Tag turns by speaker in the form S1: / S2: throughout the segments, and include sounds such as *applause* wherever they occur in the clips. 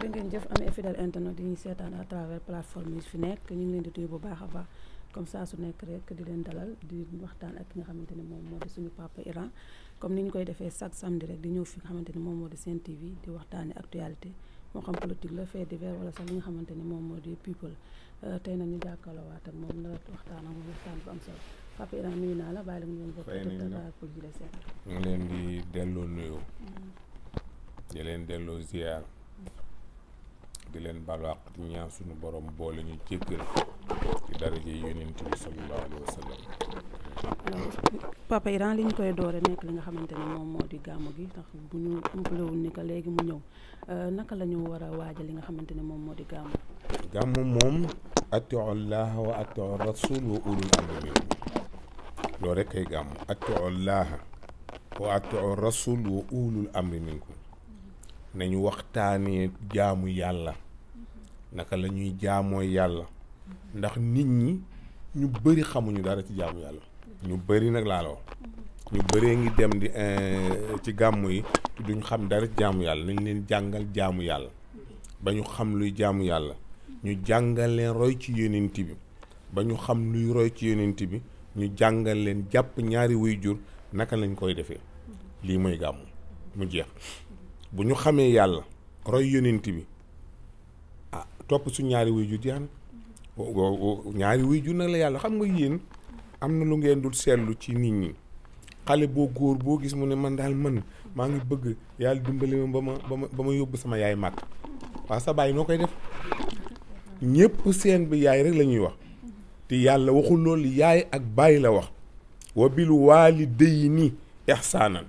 S1: jërë ngeen jëf amee fidèle internet di ñuy seetaan à travers plateforme yi fi nekk ñu ngi leen di nuyu bu baax a baax comme ça su nekk rek di leen dalal di waxtaan ak ki nga xamante ne moom moo di suñu papa Iran comme ni ñu koy defee chaque samedi rek di ñëw fi nga xamante ne moom moo di Sen TV di waxtaanee actualité moo xam politique la fait divers wala sax li nga xamante ne moom moo di people euh, tey nag ñu jàkkaarloo waat ak moom nawet waxtaan ak waxtaan bu am solo papa Iran nuyu naa la bàyyi la ñu bokk. fay nañ la
S2: ñu leen di delloo nuyoo. ñu
S1: mm-hmm.
S2: leen delloo ziar. di leen baal àq di ñaan suñu borom boole ñu jéggal ci daraje yonent bi sallallahu alayhi
S1: wa papa Iran liñ koy doore nek li nga xamante mom modi gamu gi tax buñu ñu wu ni que léegi mu ñëw naka lañu wara war waajal li nga xamante mom modi gamu
S2: gamu mom gàmmu allah wa atiu rasul wa ulul amri lo rek kay gamu atiu allah wa atiu rasul wa ulul amri minkum nañu waxtaane jaamu yàlla naka la ñuy jaamoo yàlla ndax nit ñi ñu bëri xamuñu dara ci jaamu yàlla ñu bëri nag laa la ñu bëree ngi dem di eh, ci gàmmu yi te duñ xam dara ci jaamu yàlla nañ leen jàngal jaamu yàlla ba ñu xam luy jaamu yàlla ñu jàngal leen roy ci yonent bi ba ñu xam luy roy ci yonent bi ñu jàngal leen jàpp ñaari jur naka lañ koy defee lii mooy gàmmu mu jeex bu ñu xamee yàlla roy yonent bi ah topp su ñaari wuy ju jaan ñaari wuy ju nag la yàlla xam nga yéen am na lu ngeen du seetlu ci nit ñi xale boo góor boo gis mu ne man daal man maa ngi bëgg yàlla dimbali ma ba ma ba ma yóbbu sama yaay màgg waaw sa baay noo koy def ñépp seen bi yaay rek la ñuy wax te yàlla waxul loolu yaay ak bàyyi la wax wa bil waalidayni ihsaanan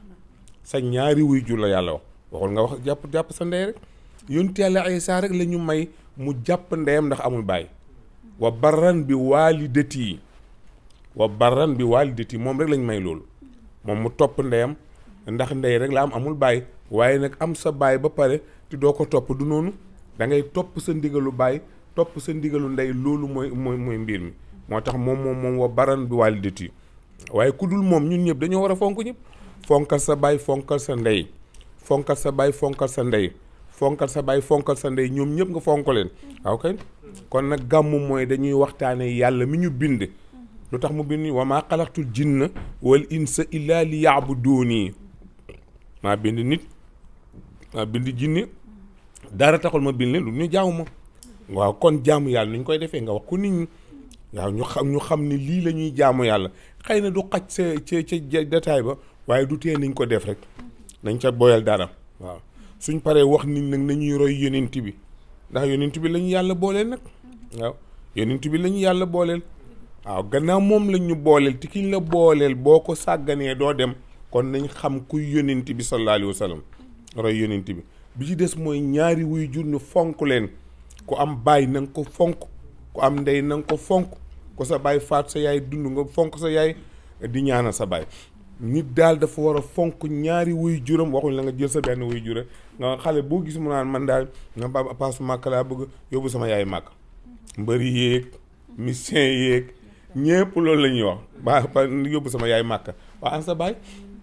S2: sa ñaari wuy jur la yàlla wax waxul nga wax jàpp jàpp sa ndey rek yonent yàlla Isaa rek la ñu may mu jàpp ndeyam ndax amul baay wa barran bi waalidati wa barran bi waalidati moom rek lañ may loolu moom mu topp ndax ndey rek la am amul baay waaye nag am sa baay ba pare te doo ko topp du noonu dangay topp sa ndigalu baay topp sa ndigalu ndey loolu mooy mooy mooy mbir mi moo tax moom moom moom wa baran bi yi waaye ku dul moom ñun ñëpp dañoo war a fonk ñëpp fonkal sa baay fonkal sa ndey fonkal sa baay fonkal sa ndey fonkal sa baay fonkal sa ndey ñoom ñëpp nga fonk leen waaw kay kon nag gàmmu mooy dañuy waxtaane yàlla mi ñu bind lu tax mu bind wa maa xalaqtul jinna wal insa illaa bind nit maa bind jinne dara taxul ma bind lu ñu jaamu ma waaw kon jaamu yàlla ni ñu koy defee nga wax ko nit ñi waaw ñu xam ñu xam ne lii lañuy jaamu yàlla xëy na du xaj sa ca ca détail ba waaye du tee niñ ko def rek nañ ca boyal dara waaw suñ paree wax nit nag nañuy roy yonent bi ndax yonent bi lañu yàlla booleel nag waaw yonent bi lañu yàlla booleel waaw gannaaw moom lañ ñu booleel te kiñ la booleel boo ko sàgganee doo dem kon nañ xam kuy yonent bi sallallahu alayhi wa sallam roy yonent bi bi ci des mooy ñaari wuy jur ñu fonk leen ku am baay na ko fonk ku am ndey na ko fonk ko sa baay faat sa yaay dund nga fonk sa yaay di ñaanal sa baay nit daal dafa war a fonk ñaari wuy juróom waxuñ la nga jël sa benn wuy jura nga xale boo gis mu naan man daal nga baba paas màkk laa bëgg yóbbu sama yaay màkk mbëri yéeg misien yéeg ñépp loolu la ñuy wax ba ba yóbbu sama yaay màkk waa an sa baay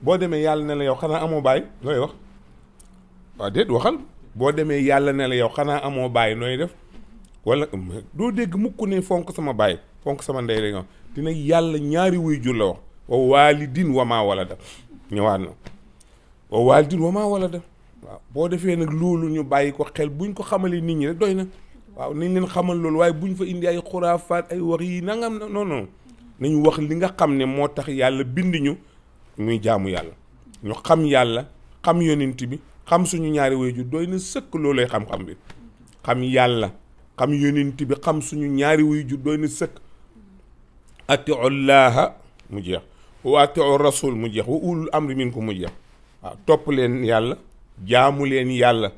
S2: boo demee yàlla ne la yow xanaa amoo baay looy wax waaw déet boo demee yàlla ne la yow xanaa amoo baay nooy def wala doo dégg mukk ne fonk sama baay fonk sama ndey la wax dina yàlla ñaari wuy jur la wax wa waalidin wa maa walada ñëwaat na wa waalidin waaw boo defee nag loolu ñu bàyyi ko xel buñ ko xamalee nit ñi rek doy na waaw nañ leen xamal loolu waaye buñ fa indi ay xuraafaat ay wax yi nangam na non non nañu wax li nga xam ne moo tax yàlla bind ñu muy jaamu yàlla ñu xam yàlla xam yonent bi xam suñu ñaari waajur doy na sëkk loolay xam bi xam yàlla xam yonent bi xam suñu ñaari waajur doy na sëkk ati ollaaha mu jeex wa atiu rasul mu jeex wa ulul amri minkum mu waaw topp leen yàlla jaamu leen yàlla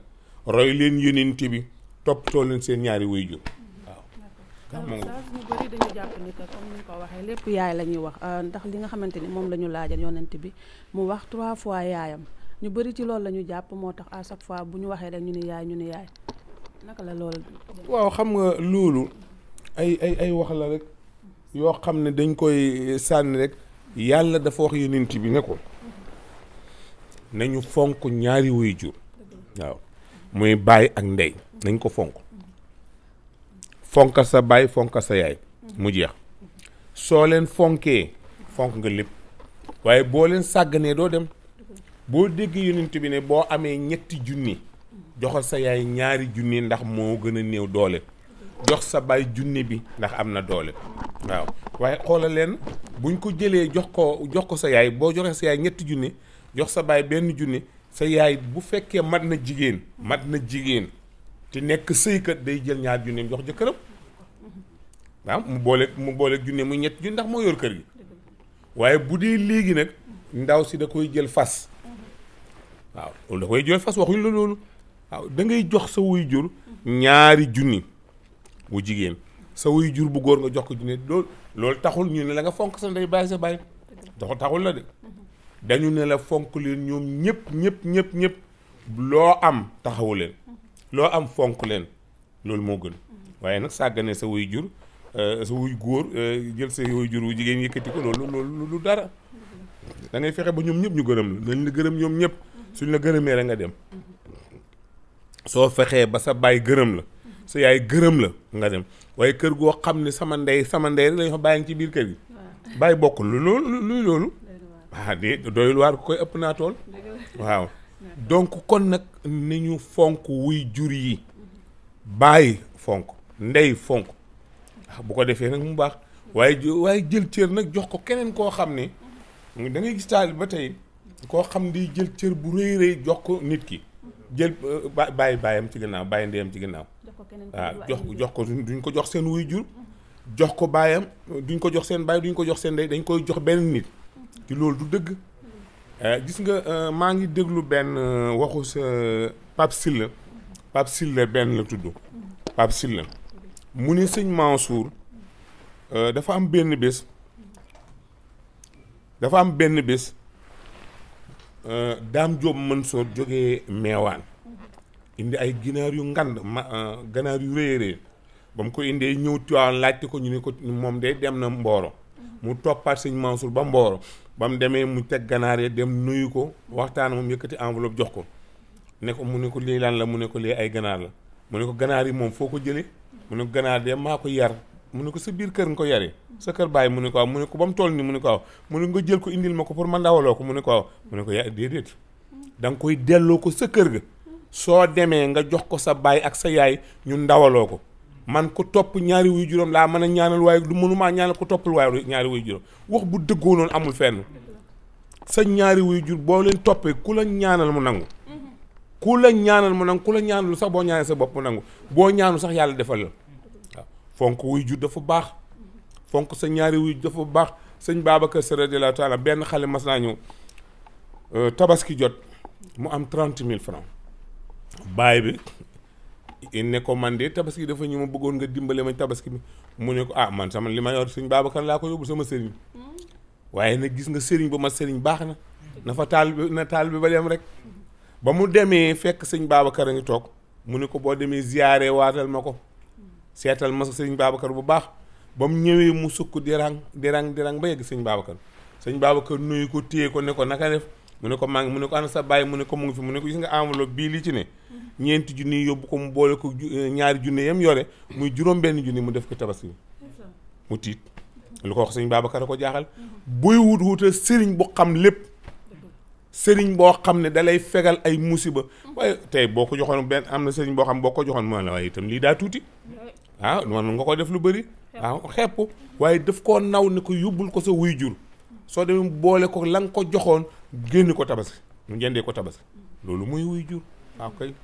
S2: roy leen yonent bi toppatoo leen seen ñaari waajur
S1: waaw ñu bëri waxee lépp yaay la ñuy wax euh, ndax li nga xamante ni moom lañu ñu laajal yonent bi mu wax trois fois yaayam ñu bëri ci loolu la ñu jàpp moo tax à chaque fois bu ñu waxee rek ñu ni yaay ñu ni yaay naka la loolu
S2: waaw xam nga loolu ay ay ay wax la rek yoo xam ne dañ koy sànni rek yàlla dafa wax yonent bi ne ko nañu fonk ñaari way jur waaw muy baay ak ndey nañ ko fonk fonkal sa baay fonkal sa yaay mu jeex soo leen fonkee fonk nga lépp waaye boo leen sàgganee doo dem boo dégg yonent bi ne boo amee ñetti junni joxal sa yaay ñaari junni ndax moo gën a néew doole jox sa baay junni bi ndax am na doole waaw waaye xoolal leen buñ ko jëlee jox ko jox ko sa yaay boo joxee sa yaay ñetti junni jox sa baay benn junni sa yaay bu fekkee mat na jigéen mat na jigéen te nekk sëykat day jël ñaar junneem jox jëkkëram waaw mu boole mu boole junni muy ñetti junni ndax moo yor kër gi waaye bu dee léegi nag ndaw si da koy jël fas waaw da koy jël fas waxuñ la loolu waaw da jox sa wuy jur ñaari junni bu jigéen sa wuy jur bu góor nga jox ko ne loolu loolu taxul ñu ne la nga fonk sa ndey bàyyi sa bàyyi taxul taxul la de dañu ne la fonk leen ñoom ñëpp ñëpp ñëpp ñëpp loo am taxawu leen loo am fonk leen loolu moo gën waaye nag sàggane sa jur euh, sa wuy góor euh, jël sa wuy jur wu jigéen yëkkati ko loolu loolu dara da ngay fexe ba ñoom ñëpp ñu gërëm la nañ la gërëm ñoom ñëpp suñ la gërëmee rek nga dem soo fexee ba sa baay gërëm la sa yaay gërëm la nga dem waaye kër goo xam ne sama ndey sama ndey rek lañ fa bàyyi ci biir kër gi bàyyi bokk lu loolu luy loolu waaw di doyul waar ah, ko koy ëpp naa tool waaw donc kon nag ni ñu fonk wuy jur yi bàyyi fonk ndey fonk ah, bu ko defee nag mu baax waaye waaye jël cër nag jox ko keneen koo xam ne da ngay gis taal ba tey koo xam di jël cër bu rëy rëy jox ko nit ki jël euh, bàyyi bàyyam ci gannaaw bàyyi ndeyam ci gannaaw waaw jox ah, jox ko duñ ko jox seen wuy jur jox ko baayam duñ ko jox seen baay duñ ko jox seen ndey dañ koy jox benn nit ci loolu du dëgg eh, gis nga eh, maa ngi déglu benn eh, waxu sa Pape Sylla Pape Sylla benn la tudd Pape Sylla mu ni sëñ Mansour dafa am benn bés dafa am benn bés Dame mën soo jógee meewaan indi ay ginaar yu ngand ma euh, ganaar yu rëy rëy ba mu ko indee ñëw Tiwaawan laajte ko ñu ne ko moom de dem na Mboro. mu toppaat sëñ Mansour ba Mboro ba mu demee mu teg ganaar ya dem nuyu ko waxtaan moom yëkkati enveloppe jox ko ne ko mu ne ko lii lan la mu ne ko lee ay ganaar la mu ne ko ganaar yi moom foo ko jëlee mu ne ko ganaar de maa ko yar mu ne ko sa biir kër nga ko yare sa kër bàyyi mu ne ko waaw mu ne ko ba mu toll nii mu ne ko waaw mu ne jël ko indil ma ko pour man ko mu ne ko waaw ne ko yaa déedéet da koy delloo ko sa kër ga soo demee nga jox ko sa baay ak sa yaay ñu ndawaloo ko man ko topp ñaari wuy juróom laa mën a ñaanal waaye du mënumaa ñaanal ko toppul waaye ñaari wuy juróom wax bu dëggoo noonu amul fenn sa ñaari wuy jur boo leen toppee ku la ñaanal mu nangu ku la ñaanal mu nangu ku la ñaanal sax boo ñaanal sa bopp mu nangu boo ñaanu sax yàlla defal la fonk wuy jur dafa baax fonk sa ñaari wuy jur dafa baax sëñ Babacar Sy radiyallahu taala benn xale mas naa ñëw euh, tabaski jot mu am trente mille francs baay bi ne ko man de tabaski dafa ñu ma bëggoon nga dimbale ma tabaski bi mu ne ko ah man sama li ma yor suñ Babacar laa ko yóbbu sama sëriñ waaye nag gis nga sëriñ ba ma sëriñ baax na na fa taal bi na taal bi ba dem rek ba mu demee fekk sëñ baabakar a ngi toog mu ne ko boo demee ziyaare waatal ma ko seetal ma sëñ Babacar bu baax ba mu ñëwee mu sukk dirang dirang dirang ba yegg sëñ Babacar sëñ Babacar nuyu ko téye ko ne ko naka def mu ne ko maa ngi mu ne ko ana sa bàyyi mu ne ko mu ngi fi mu ne ko gis nga enveloppe bii li ci ne ñeenti junni yóbbu ko mu boole ko eh, ñaari junni yem yore muy juróom benn junni mu def ko tabaski mu tiit lu ko wax sëñ Babacar ko jaaxal buy wut wutal sëriñ bu xam lépp sëriñ boo xam ne dalay fegal ay musiba waaye tey boo ko joxoon benn am na sëriñ boo xam boo ko joxoon mu la waaye itam lii daa tuuti waaw man nga ko def lu bari waaw xepp waaye daf koo naw ne ko yóbbul ko sa wuy jur soo demee boole ko la nga ko joxoon génn ko tabaski ñu jëndee ko tabaski loolu muy wuy jur waaw kay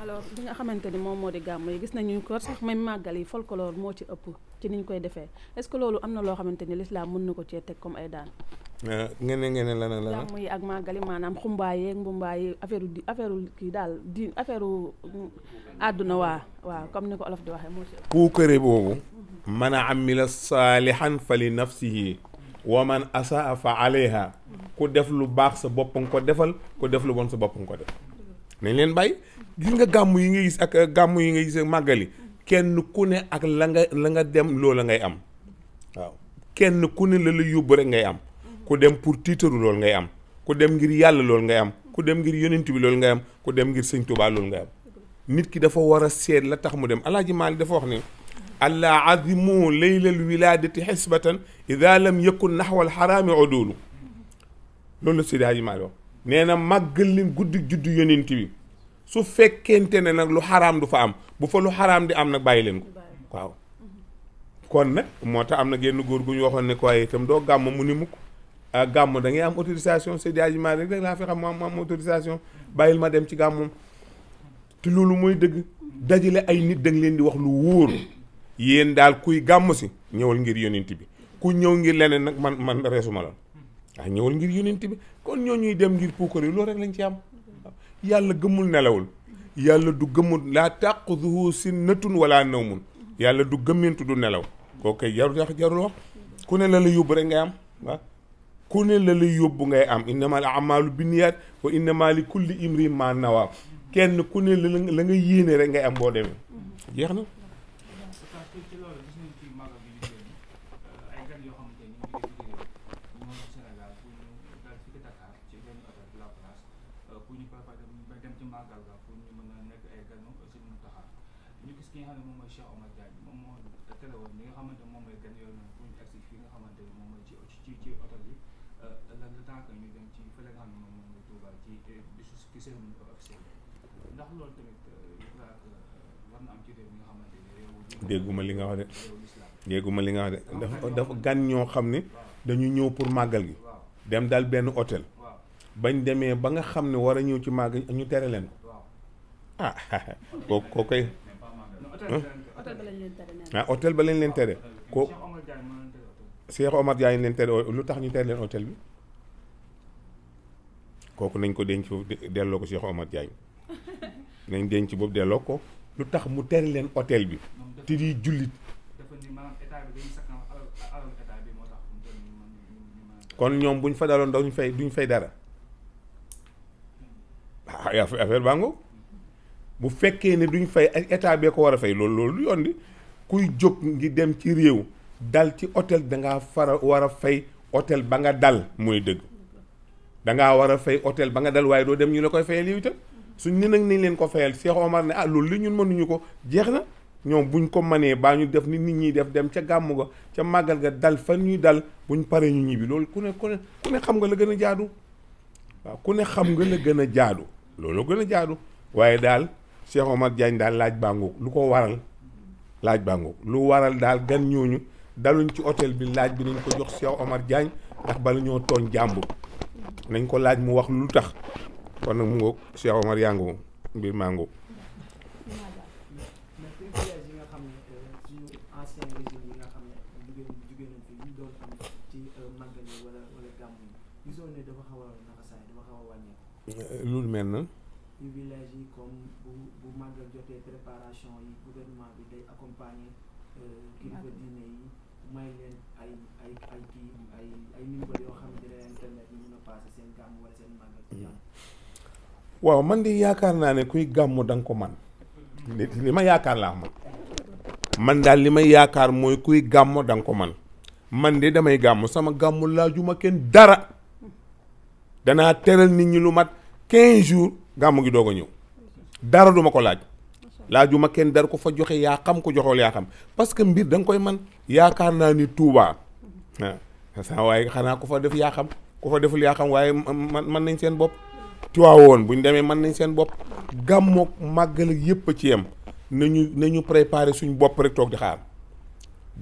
S1: alors li nga xamante ni moom moo di gàmm yi gis nañu ko sax même màggal yi folklore moo ci ëpp ci niñ koy defee est-ce que loolu am na loo xamante ni l'islam mën na ko cee teg comme ay daan
S2: ngene ngene lana lana gàmm
S1: yi ak màggal yi maanaam xumbaay yeeg mbumbaay yi affaire di affaire kii daal di affaire àdduna waa waaw comme ni ko olof di waxee moo ci ëpp
S2: ku këré boobu man amila saalihan fa li nafsihi wa man asaa fa aleyha ku def lu baax sa bopp nga ko defal ku def lu bon sa bopp nga ko def nañ leen bàyyi gis nga gàmm yi nga gis ak euh, gàmm yi nga gis màggali kenn ku ne ak la nga la nga dem loola ngay am waaw kenn ku ne la la yóbbu rek ngay am ku dem pour tiitaru loolu ngay am ku dem ngir yàlla loolu ngay am ku dem ngir yonent bi loolu ngay am ku dem ngir sëñ Tuubaa loolu ngay am nit ki dafa war a seet la tax mu dem Alaaji Maalik dafa wax ni ألا عظموا ليل الولادة حسبة إذا لم يكن نحو الحرام عدول لولو سيدي هاجي مالو نينا ماغلين غود جود يونينتي سو فكنت نا لو حرام دو فام بو فلو حرام دي ام نا بايلين واو كون نا موتا ام نا ген غور غون وخون ني دو غام مو ني غام دا ام اوتوريزاسيون سيدي هاجي مالو لا في خام مو ام اوتوريزاسيون بايل ما ديم سي غام تي لولو موي دغ دجيلي اي نيت دنج لين دي واخ yéen daal kuy gàmm si ñëwal ngir yonent bi ku ñëw ngir leneen nag man man resuma la waaw ñëwal ngir yonent bi kon ñoo ñuy dem ngir puukar yi loolu rek lañ ci am yàlla gëmul nelawul yàlla du gëmmul laa taquduhu sinnatun wala nawmun yàlla du gëmmintu du nelaw koo koy jaru jax jarul wax ku ne la la yóbbu rek ngay am waaw ku ne la la yóbbu ngay am innama al amalu binniyaat wa innama li kulli imri ma nawa kenn ku ne la la nga yéene rek ngay am boo demee jeex na particular dégguma li nga wax de dégguma li nga wax de dafa dafa gan ñoo xam ne dañu ñëw pour màggal gi dem dal benn hôtel bañ demee ba nga xam ne war a ñëw ci màgg ñu tere leen ko ah *laughs* koo koo koy ah hôtel ba lañ leen tere ko Cheikh Omar Diagne leen tere lu tax ñu tere leen hôtel bi kooku nañ ko denc foofu delloo ko Cheikh Omar Diagne *laughs* nañ denc boobu delloo ko lu tax mu tere leen hôtel bi te di jullit kon ñoom buñ ñu fa daloon duñ fay duñ fay dara ay ah, affaire baa bu fekkee ne duñ fay ak état bee ko war a fay loolu loolu du yoon di kuy jóg ngi dem ci réew dal ci hôtel dangaa fara war a fay hôtel ba nga dal mooy dëgg dangaa war a fey otel ba nga dal waaye doo dem ñu la koy fayal yow itam suñ ne nag nañ leen ko fayal Cheikh Omar ne ah loolu li ñun mënuñu ko jeex na ñoom buñ ko manee baa ñu def ni nit ñi def dem ca gàmm ga ca màggal ga dal fan ñuy dal buñ paree ñu ñibbi loolu ku ne ku ne ku ne xam nga la gën a jaadu ku ne xam nga la gën a jaadu gën a jaadu waaye daal Cheikh Omar Diagne daal laaj bàngoog lu ko waral laaj bàngoog lu waral daal gan ñooñu daluñ ci hôtel bi laaj bi nañ ko jox Cheikh Omar Diagne ndax bala ñoo tooñ jàmbur nañ ko laaj mu wax lu tax kon nag mu ngoog Cheikh Omar yaa mbir maa
S1: loolu mel na. ci
S2: village yi bi day accompagner euh, hmm. waaw man de yaakaar naa ne kuy gàmm da ko man li ma yaakaar laa man man daal li may yaakaar mooy kuy gàmm da nga ko man man de damay gàmm sama gàmm laajuma kenn dara. danaa teral nit ñi lu mat 15 jours gàmmu gi doo ko ñëw dara duma ko laaj laaj laajuma kenn dara ko fa joxe yaa xam ko joxool yaa xam parce que mbir da nga koy man yaakaar naa ni Touba ah, sa waaye xanaa ko fa def yaa xam ku fa deful yaa xam waaye man man nañ seen bopp Tiwaawoon bu ñu demee mën nañ seen bopp gàmmoog màggal ak yëpp a ci yem nañu nañu préparé suñ bopp rek toog di xaar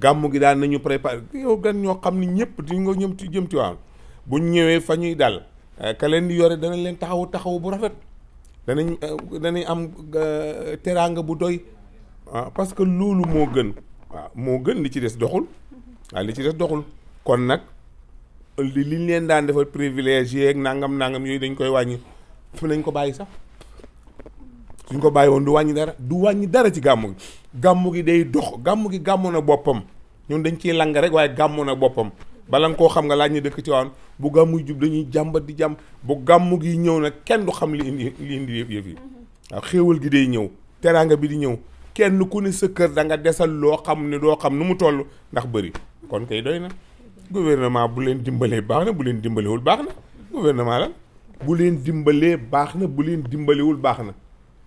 S2: gàmmu gi daal nañu préparé yow gan ñoo xam ni ñëpp di nga ñëm jëm Tiwaawoon bu ñu ñëwee fa ñuy dal Euh, ka leen di yore danañ leen taxawu taxawu bu rafet danañ euh, danañ am euh, teraanga bu doy ah, parce que loolu moo gën waaw ah, moo gën li ci des doxul waaw ah, li ci des doxul kon nag li liñ leen daan defal privilégié ak nangam nangam yooyu dañ koy wàññi fi nañ ko bàyyi sax suñ ko bàyyi woon du wàññi dara du wàññi dara ci gàmmu gi gàmmu gi day dox gàmmu gi gàmmu na boppam ñun dañ ciy lang rek waaye gàmmu na boppam bala nga koo xam nga laaj ñu dëkk Tiwaawan bu gàmmu jub dañuy jàmbat di jàmm bu gàmmu gi ñëw nag kenn du xam li indi li indi yëf yëf yi mhm. waaw xéewal gi day ñëw teraanga bi di ñëw kenn ku ne sa kër danga desal loo xam ne doo xam nu mu toll ndax bëri kon kay doy na gouvernement bu leen dimbalee baax na bu leen dimbalewul baax na gouvernement la bu leen dimbalee baax na bu leen dimbalewul baax na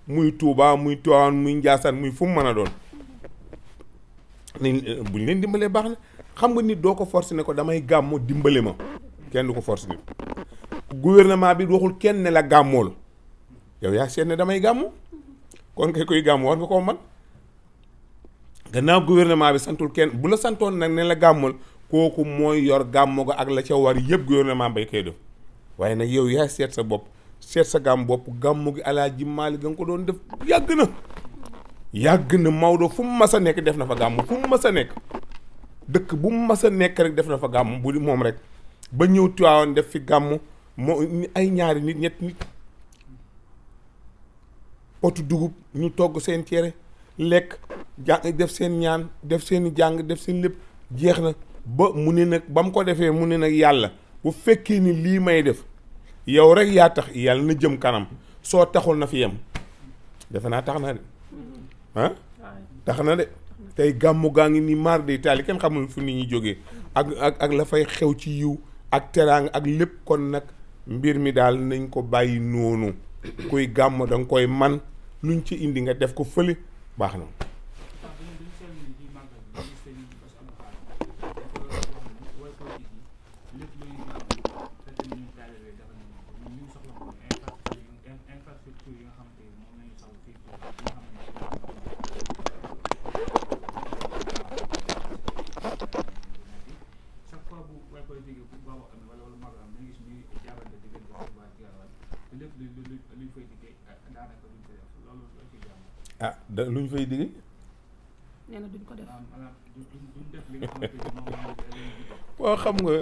S2: muy tuubaa muy Tiwaawan muy Njaasaan muy fu mu mën a doon nañ bu ñu leen dimbalee baax na xam nga nit doo ko forcer ne ko damay gàmmu dimbale ma kenn du ko forcer nit gouvernement bi waxul kenn ne la gàmmool yow yaa seet ne damay gàmmu kon kay koy gàmmu war nga koo man gannaaw gouvernement bi santul kenn bu la santoon nag ne la gàmmool kooku mooy yor gàmmu ko ak la ca war yëpp gouvernement bay koy def waaye nag yow yaa seet sa bopp seet sa gàmm bopp gàmmu gi alaaji maali ga nga ko doon def yàgg na yàgg na Maodo fu mu mas a nekk def na fa gàmm fu mu mas a nekk dëkk bu mu mas a nekk rek def na fa gàmm bu moom rek ba ñëw Tiwaawan def fi gàmmu moo ay ñaari nit ñett nit otu dugub ñu togg seen cere lekk jàng def seen ñaan def seen jàng def seen lépp jeex na ba mu ne nag ba mu ko defee mu ne nag yàlla bu fekkee ni lii may def yow rek yaa tax yàlla na jëm kanam soo taxul na fi yem defe naa tax na de ah tax na de tey gàmmu gaa ngi ni maar day taali kenn xamul fu nit ñi jógee ak ak ak la fay xew ci yiw ak teraanga ak lépp kon nag mbir mi daal nañ ko bàyyi noonu kuy gàmm da nga koy man luñ ci indi nga def ko fële baax na ah da lu ñu fay digg. nee *laughs* xam nga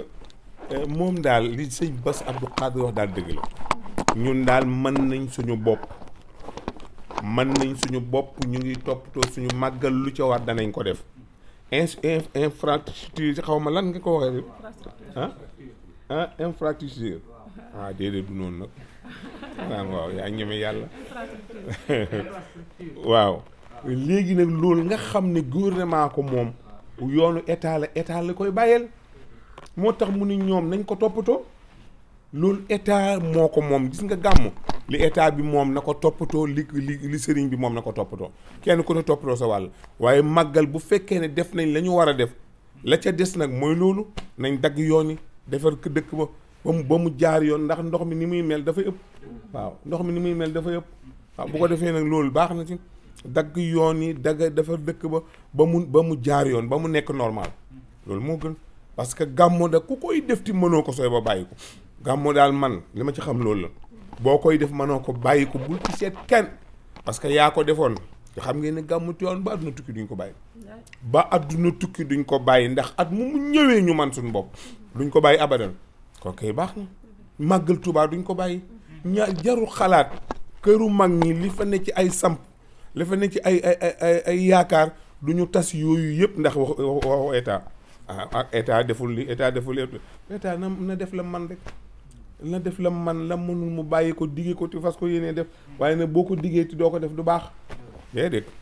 S2: eh, moom daal li sëñ Bass Abdou Khadre wax daal dëgg la. ñun daal mën nañ suñu bopp. mën nañ suñu bopp ñu ngi toppatoo suñu màggal lu ca war danañ ko def. infrastructure xaw ma lan nga ko waxee. ah ah infrastructure. waaw ah, déedéet du noonu nag. naan *laughs* ah, waaw yaa ñeme yàlla *laughs* waaw léegi nag loolu nga xam ne gouvernement ko moom yoonu état la état la koy bàyyeel moo tax mu ni ñoom nañ ko toppatoo loolu état moo ko moom gis nga gàmm li état bi moom na ko toppatoo li li li sëriñ bi moom na ko toppatoo kenn ku ne toppatoo sa wàll waaye màggal bu fekkee ne def nañ la ñu war a def la ca des nag mooy loolu nañ dagg yoon yi defar dëkk ba ba mu ba mu jaar yoon ndax ndox mi ni muy mel dafa ëpp waaw ndox mi ni muy mel dafa ëpp waaw bu ko defee nag loolu baax na ci dagg yoon yi dagg dafa dëkk ba ba mu ba mu jaar yoon ba mu nekk normal loolu moo gën parce que gàmmo da ku koy def ti mënoo ko sooy ba bàyyi ko gàmmo daal man li ma ci xam loolu la boo koy def mënoo ko bàyyi ko bul ci seet kenn parce que yaa ko defoon xam ngeen ne gàmmu Tiwaawan ba àdduna tukki duñ ko bàyyi ba àdduna tukki duñ ko bàyyi ndax at mu ñëwee ñu man suñu bopp duñ ko bàyyi abadan kon kay baax na màggal Tuubaa duñ ko bàyyi ña jaru xalaat këru mag ñi li fa ne ci ay samp li fa ne ci ay ay ay yaakaar duñu tas yooyu yëpp ndax wax waxu état ah, ak état deful li état deful li état na na def la man rek na def la man la mënul mu bàyyi ko diggee ko ti fas ko yéenee def waaye nag boo ko diggee ti doo ko def du baax déedéet